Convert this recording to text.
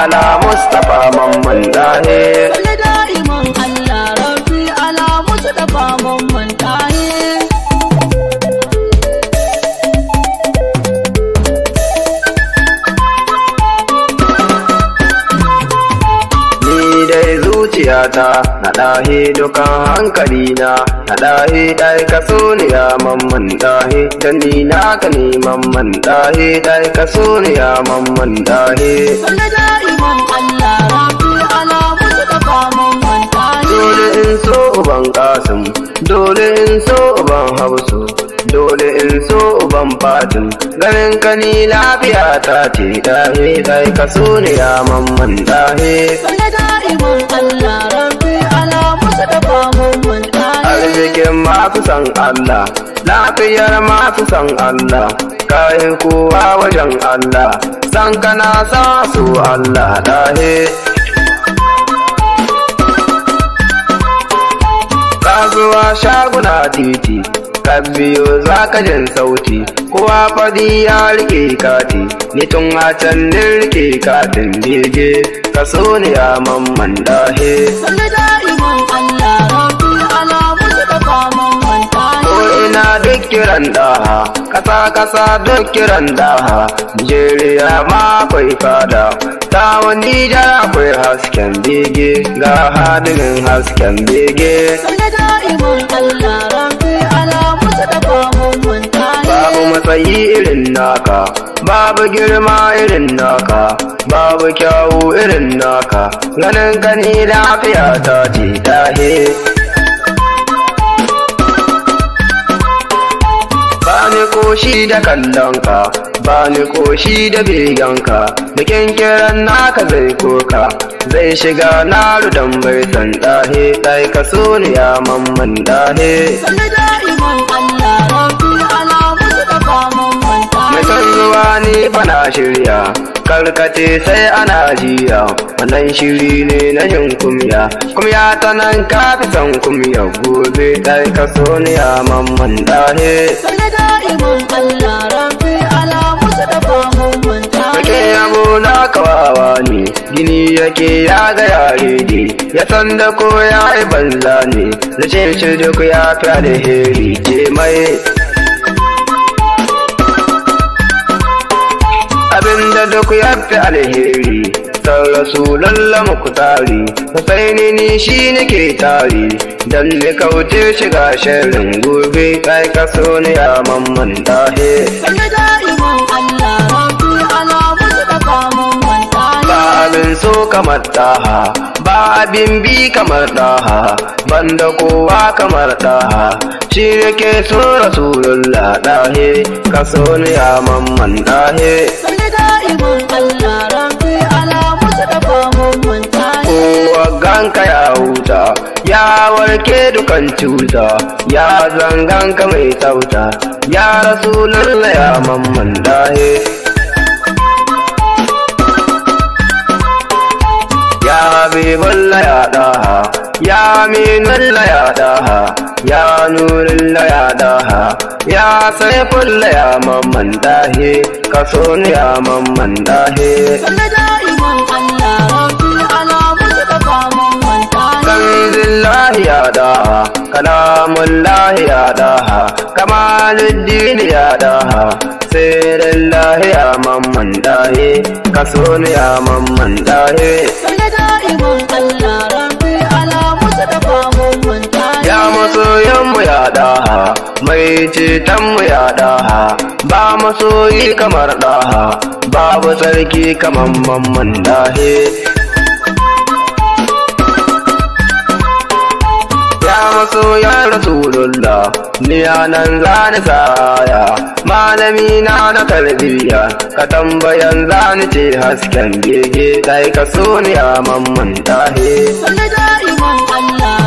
ala Mustapha mamman dahe. Salli da'iman Allah rabbi ala Mustapha mamman dahe. Ni dai zuciyata na dahe dukan na. ka dahi dai ka so ya mamman dahi dan na ka ne mamman dahi dai ka so ya mamman dahi sanda daiman Allah rabbi ala mustafa mamman dahi dole in so uban kasim dole in so uban hausu dole in so uban fatin ganin ka ni lafiya ta ce dahi dai ka so ya mamman dahi sanda daiman Allah rabbi ala mustafa mamman dahi arzikin masu san Allah lafiyar masu san Allah kai kowa wajen Allah san kana sa su Allah dahe kasuwa shaguna titi kabiyo za ka jin sauti kowa fadi ya rike kati ni tun a can ne rike katin jirge ka so ne a mamman dahe duniya duk kiran ha, ƙasa ƙasa duk kiran ha, Nigeria ma akwai fada wani Nijar akwai hasken bege ga hadirin hasken bege Babu matsayi irin naka, babu girma irin naka, babu kyawu irin naka, ganin gani lafiya ta ce koshi da ka, ba ni koshi da beganka da na naka zai koka zai shiga na rudan bai san dahe dai ka so ni ya mamman dahe. da da'iman Allah, rafi ala musu da famo. san zuwa ni bana shirya karkace sai ana jiya wannan shiri ne na yin kumya kumya ta nan ka fi san kumya gobe ta ka so ni a mamman dahe na kawawa ne gini yake ya ga yare ne ya san da ko ya yi banza ne da ce duk ya fi alheri ce mai wanda duk ku yafi alheri san rasulallah sai husaini ni shi nake tari dan kaute kauce shiga sharrin gobe kai kaso ne ya mamman dahe abin so kamar taha ba abin bi kamar taha banda kowa kamar taha shi ke so rasulullah dahe kaso ne ya mamman dahe warke dukan cuta ya zangan ka mai tsauta ya rasu ya mamman dahe ya habibun ya daha ya aminun ya daha ya nurin ya daha ya saifun ya mamman dahe kaso ya mamman dahe wallahi ya daha kamaluddin ya daha sai lallahi ya mamman dahe kaso ne ya mamman dahe ya masoyanmu ya daha mai cetonmu ya daha ba masoyi kamar daha babu sarki kamar mamman dahe so ya rasulullah ni anan zani saya malami na na tarbiya ka tambayan zani ce hasken gege sai ka so ni a mamman tahe Allah